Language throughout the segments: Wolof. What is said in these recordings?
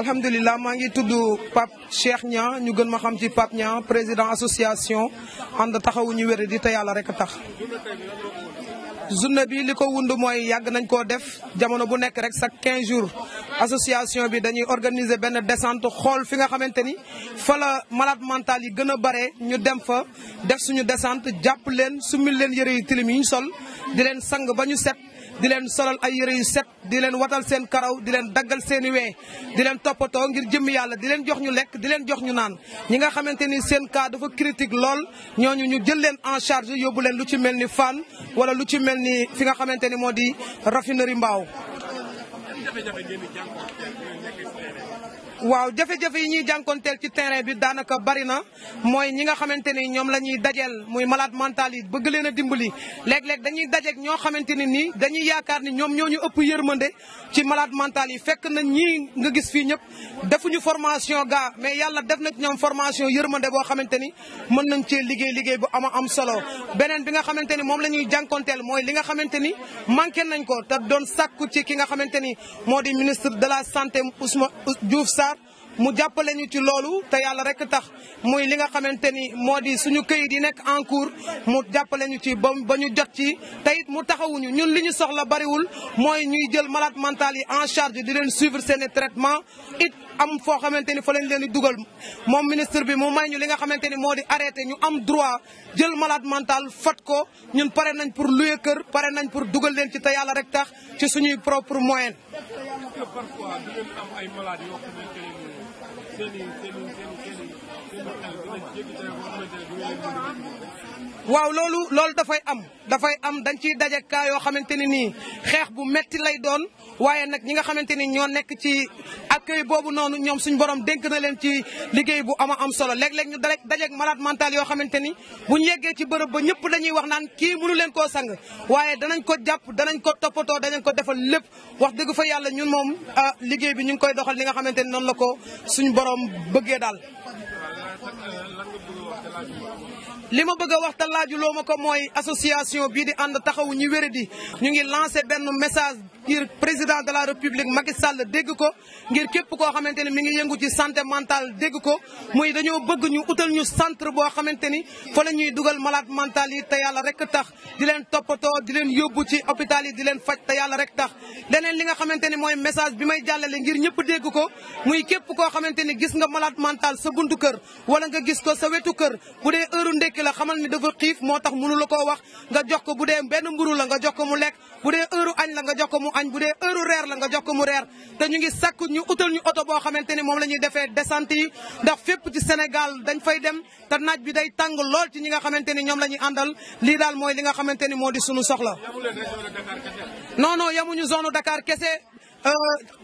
alhamdulilah maa ngi tudd Pape Cheikh Niang ñu gën ma xam ci Pape ñaa président association ànd taxawuñu ñu wér di te yàlla rek a tax. journée bi li ko wund mooy yàgg nañ koo def jamono bu nekk rek chaque quinze jours association bi dañuy organiser benn descente xool fi nga xamante ni fa la malade yi gën a bare ñu dem fa def suñu descente jàpp leen sumil leen yëre yu tilim yi ñu sol di leen sang ba ñu set. di leen solal ay yëre yu set di leen watal seen karaw di leen daggal seeni i wee di leen toppatoo ngir jëmmi yàlla di leen jox ñu lekk di leen jox ñu naan ñi nga xamante ni seen kaa dafa critique lool ñoo ñu ñu jël leen en charge yóbbu leen lu ci mel ni Fann wala lu ci mel ni fi nga xamante ni moo di raffinerie mbaaw waaw jafe-jafe yi ñuy jànkoonteel ci terrain bi daanaka bari na mooy ñi nga xamante ni ñoom la ñuy dajeel muy malade mental yi bëgg leen a dimbali léeg-léeg dañuy dajeek ñoo xamante ni nii dañuy yaakaar ni ñoom ñoo ñu ëpp yërmande ci malade mental yi fekk na ñii nga gis fii ñëpp defuñu formation gaa mais yàlla def na ñoom formation yërmande boo xamante ni mën nañ cee liggéey liggéey bu ama am solo beneen bi nga xamante ni moom la ñuy jànkoonteel mooy li nga xamante ni manqué nañ ko te doon sàkku ci ki nga xamante ni moo di ministre de la santé Ousmane Diouf Sarr mu jàppale ñu ci loolu te yàlla rek tax muy li nga xamante ni moo di suñu këyit yi nekk en cours mu jàppale ñu ci ba ba ñu jot ci te it mu taxawuñu ñun li ñu soxla bariwul mooy ñuy jël malade mental yi en charge di leen suivre seen traitement it am foo xamante ni fa lañ leen di dugal moom ministre bi mu may ñu li nga xamante ni moo di arrêté ñu am droit jël malaat mental fat ko ñun pare nañ pour louer kër pare nañ pour dugal leen ci te yàlla rek tax ci suñuy propre moyen que parfois di ngeen ay malades yoo waaw loolu loolu dafay am dafay am dañ ciy daje yoo xamante ne nii xeex bu metti lay doon waaye nag ñi nga xamante ni ñoo nekk ci accueil boobu noonu ñoom suñu borom dénk na leen ci liggéey bu ama am solo léeg-léeg ñu dajeeg malade mental yoo xamante ni bu ñu yeggee ci bërëb ba ñëpp dañuy wax naan kii mënu leen koo sang waaye danañ ko jàpp danañ ko toppatoo danañ ko defal lépp wax dëgg fa yàlla ñun moom a ah, liggéey bi ñu ngi koy doxal li nga xamante ni noonu la ko suñu borom bëggee daal. li ma bëgg a wax te laajuloo ma ko mooy association bii di ànd taxawu ñi wéradi ñu ngi lancé benn message ngir président de la république Macky Sall dégg ko ngir képp koo xamante ni mi ngi yëngu ci santé mentale dégg ko muy dañoo bëgg ñu utal ñu centre boo xamante ni fa la ñuy dugal malade mental yi te yàlla rek tax di leen toppatoo di leen yóbbu ci hôpital yi di leen faj te yàlla rek tax leneen li nga xamante ni mooy message bi may jàllale ngir ñëpp dégg ko muy képp koo xamante ni gis nga malaat mental sa buntu kër wala nga gis ko sa wetu kër bu dee heure ndekki la xamal ni dafa xiif moo tax mënu la koo wax nga jox ko bu dee benn mburu la nga jox ko mu lekk bu dee heure añ la nga jox ko mu añ bu dee heure reer la nga jox ko mu reer te ñu ngi sakku ñu utal ñu oto boo xamante ni moom la ñuy defee descente yi ndax fépp ci Sénégal dañ fay dem te naaj bi day tàng lool ci ñi nga xamante ni ñoom la ñuy àndal lii daal mooy li nga xamante ni moo di sunu soxla non non yamuñu zone Dakar Euh,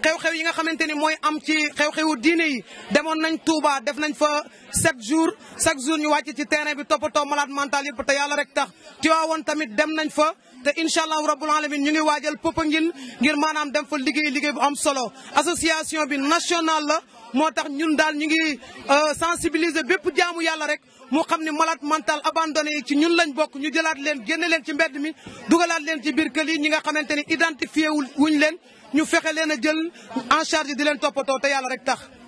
xew-xew yi nga xamante ni mooy am ci xew-xewu diine yi demoon nañ Touba def nañ fa sept jour chaque jour ñu wàcc ci terrain bi toppatoo malaat mental yëpp te yàlla rek tax Tiwaawoon tamit dem nañ fa te incha allahu rabbul alamin ñu ngi waajal Popenguine ngir maanaam dem fa liggéey liggéey bu am solo association bi national la moo tax ñun daal ñu ngi euh, sensibiliser bépp jaamu yàlla rek mu xam ne malaat mental abandonné yi ci ñun lañ bokk ñu jëlaat leen génne leen ci mbedd mi dugalaat leen ci biir kër yi ñi nga xamante ni identifié wuñ leen Nous faisons que en charge de leen te